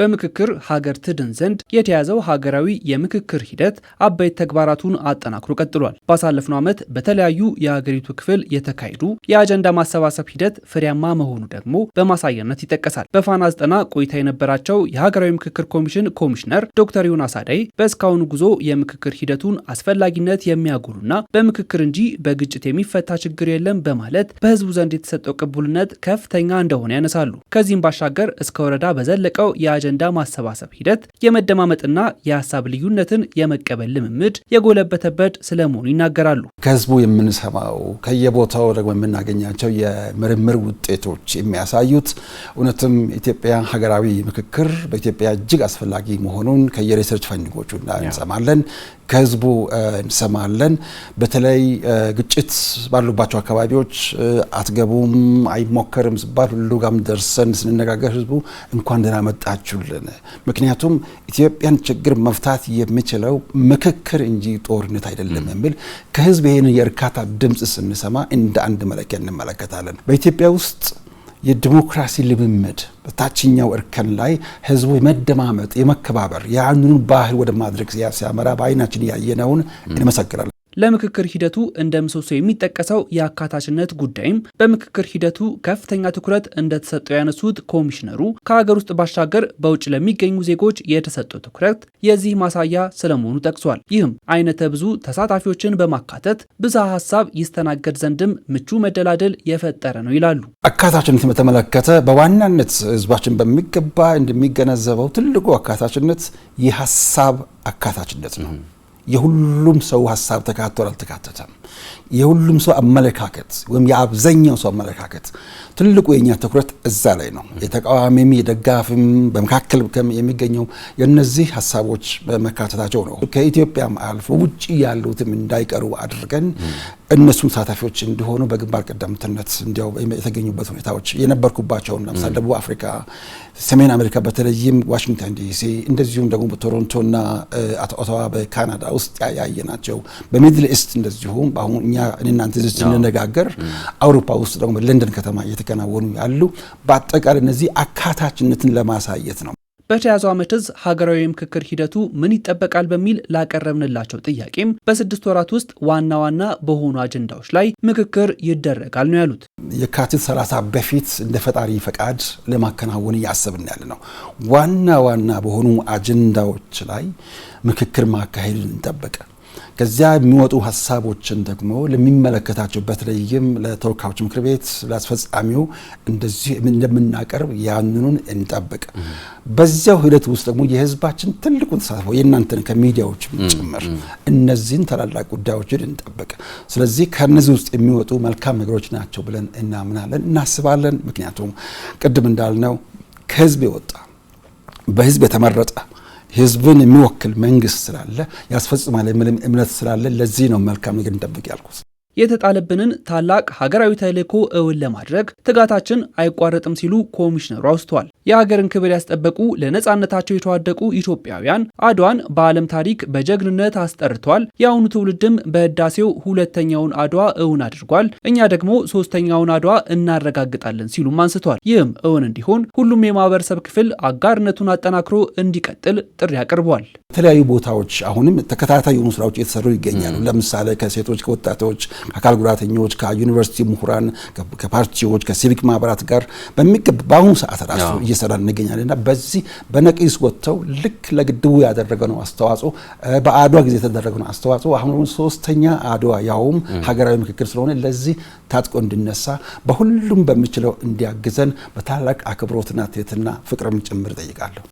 በምክክር ሀገር ትድን ዘንድ የተያዘው ሀገራዊ የምክክር ሂደት አበይት ተግባራቱን አጠናክሮ ቀጥሏል። ባሳለፍነው ዓመት በተለያዩ የሀገሪቱ ክፍል የተካሄዱ የአጀንዳ ማሰባሰብ ሂደት ፍሬያማ መሆኑ ደግሞ በማሳያነት ይጠቀሳል። በፋና ዘጠና ቆይታ የነበራቸው የሀገራዊ ምክክር ኮሚሽን ኮሚሽነር ዶክተር ዮናስ አዳይ በእስካሁኑ ጉዞ የምክክር ሂደቱን አስፈላጊነት የሚያጎሉና በምክክር እንጂ በግጭት የሚፈታ ችግር የለም በማለት በህዝቡ ዘንድ የተሰጠው ቅቡልነት ከፍተኛ እንደሆነ ያነሳሉ። ከዚህም ባሻገር እስከ ወረዳ በዘለቀው የአጀ የአጀንዳ ማሰባሰብ ሂደት የመደማመጥና የሀሳብ ልዩነትን የመቀበል ልምምድ የጎለበተበት ስለመሆኑ ይናገራሉ። ከህዝቡ የምንሰማው ከየቦታው ደግሞ የምናገኛቸው የምርምር ውጤቶች የሚያሳዩት እውነትም ኢትዮጵያ ሀገራዊ ምክክር በኢትዮጵያ እጅግ አስፈላጊ መሆኑን ከየሪሰርች ፈንዲንጎቹ እንሰማለን፣ ከህዝቡ እንሰማለን። በተለይ ግጭት ባሉባቸው አካባቢዎች አትገቡም አይሞከርም ሲባል ሁሉ ጋም ደርሰን ስንነጋገር ህዝቡ እንኳን ደህና መጣችሁ ይላችሁልን። ምክንያቱም ኢትዮጵያን ችግር መፍታት የሚችለው ምክክር እንጂ ጦርነት አይደለም የሚል ከህዝብ ይህንን የእርካታ ድምፅ ስንሰማ እንደ አንድ መለኪያ እንመለከታለን። በኢትዮጵያ ውስጥ የዲሞክራሲ ልምምድ በታችኛው እርከን ላይ ህዝቡ የመደማመጥ የመከባበር የአንዱን ባህል ወደ ማድረግ ሲያመራ በአይናችን ያየነውን እንመሰክራለን። ለምክክር ሂደቱ እንደ ምሰሶ የሚጠቀሰው የአካታችነት ጉዳይም በምክክር ሂደቱ ከፍተኛ ትኩረት እንደተሰጠው ያነሱት ኮሚሽነሩ ከሀገር ውስጥ ባሻገር በውጭ ለሚገኙ ዜጎች የተሰጠው ትኩረት የዚህ ማሳያ ስለመሆኑ ጠቅሷል። ይህም አይነተ ብዙ ተሳታፊዎችን በማካተት ብዝሃ ሀሳብ ይስተናገድ ዘንድም ምቹ መደላደል የፈጠረ ነው ይላሉ። አካታችነት በተመለከተ በዋናነት ህዝባችን በሚገባ እንደሚገነዘበው ትልቁ አካታችነት የሀሳብ አካታችነት ነው። የሁሉም ሰው ሀሳብ ተካቷል አልተካተተም። የሁሉም ሰው አመለካከት ወይም የአብዛኛው ሰው አመለካከት ትልቁ የኛ ትኩረት እዛ ላይ ነው። የተቃዋሚም የደጋፊም በመካከል የሚገኘው የነዚህ ሀሳቦች በመካተታቸው ነው። ከኢትዮጵያም አልፎ ውጭ ያሉትም እንዳይቀሩ አድርገን እነሱም ተሳታፊዎች እንዲሆኑ በግንባር ቀደምትነት እንዲያው የተገኙበት ሁኔታዎች የነበርኩባቸውን ለምሳሌ ደቡብ አፍሪካ፣ ሰሜን አሜሪካ በተለይም ዋሽንግተን ዲሲ እንደዚሁም ደግሞ በቶሮንቶና ኦታዋ በካናዳ ውስጥ ናቸው። በሚድል ኢስት እንደዚሁም በአሁኑ እኛ እናንተ ዝ ስንነጋገር አውሮፓ ውስጥ ደግሞ በለንደን ከተማ እየተከናወኑ ያሉ በአጠቃላይ እነዚህ አካታችነትን ለማሳየት ነው። በተያዘው ዓመት ዕዝ ሀገራዊ የምክክር ሂደቱ ምን ይጠበቃል በሚል ላቀረብንላቸው ጥያቄም በስድስት ወራት ውስጥ ዋና ዋና በሆኑ አጀንዳዎች ላይ ምክክር ይደረጋል ነው ያሉት። የካቲት 30 በፊት እንደ ፈጣሪ ፈቃድ ለማከናወን እያሰብን ያለ ነው። ዋና ዋና በሆኑ አጀንዳዎች ላይ ምክክር ማካሄድ እንጠበቃል። ከዚያ የሚወጡ ሀሳቦችን ደግሞ ለሚመለከታቸው በተለይም ለተወካዮች ምክር ቤት ለአስፈጻሚው እንደዚህ እንደምናቀርብ ያንኑን እንጠብቅ። በዚያው ሂደት ውስጥ ደግሞ የህዝባችን ትልቁን ተሳትፎ የእናንተን ከሚዲያዎች ጭምር እነዚህን ታላላቅ ጉዳዮችን እንጠብቅ። ስለዚህ ከነዚህ ውስጥ የሚወጡ መልካም ነገሮች ናቸው ብለን እናምናለን፣ እናስባለን። ምክንያቱም ቅድም እንዳልነው ከህዝብ የወጣ በህዝብ የተመረጠ ህዝብን የሚወክል መንግስት ስላለ ያስፈጽማል የሚልም እምነት ስላለ ለዚህ ነው መልካም ነገር እንጠብቅ ያልኩት። የተጣለብንን ታላቅ ሀገራዊ ተልዕኮ እውን ለማድረግ ትጋታችን አይቋረጥም ሲሉ ኮሚሽነሩ አውስተዋል። የሀገርን ክብር ያስጠበቁ ለነፃነታቸው የተዋደቁ ኢትዮጵያውያን አድዋን በዓለም ታሪክ በጀግንነት አስጠርተዋል። የአሁኑ ትውልድም በህዳሴው ሁለተኛውን አድዋ እውን አድርጓል። እኛ ደግሞ ሶስተኛውን አድዋ እናረጋግጣለን ሲሉም አንስተዋል። ይህም እውን እንዲሆን ሁሉም የማህበረሰብ ክፍል አጋርነቱን አጠናክሮ እንዲቀጥል ጥሪ አቅርቧል። የተለያዩ ቦታዎች አሁንም ተከታታይ የሆኑ ስራዎች እየተሰሩ ይገኛሉ። ለምሳሌ ከሴቶች ከወጣቶች ከአካል ጉዳተኞች፣ ከዩኒቨርሲቲ ምሁራን፣ ከፓርቲዎች፣ ከሲቪክ ማህበራት ጋር በሚገባ በአሁኑ ሰዓት ራሱ እየሰራ እንገኛለን እና በዚህ በነቂስ ወጥተው ልክ ለግድቡ ያደረገነው አስተዋጽኦ፣ በአድዋ ጊዜ የተደረገነው አስተዋጽኦ አሁን ሶስተኛ አድዋ ያውም ሀገራዊ ምክክር ስለሆነ ለዚህ ታጥቆ እንዲነሳ በሁሉም በሚችለው እንዲያግዘን በታላቅ አክብሮትና ትህትና ፍቅርም ጭምር ጠይቃለሁ።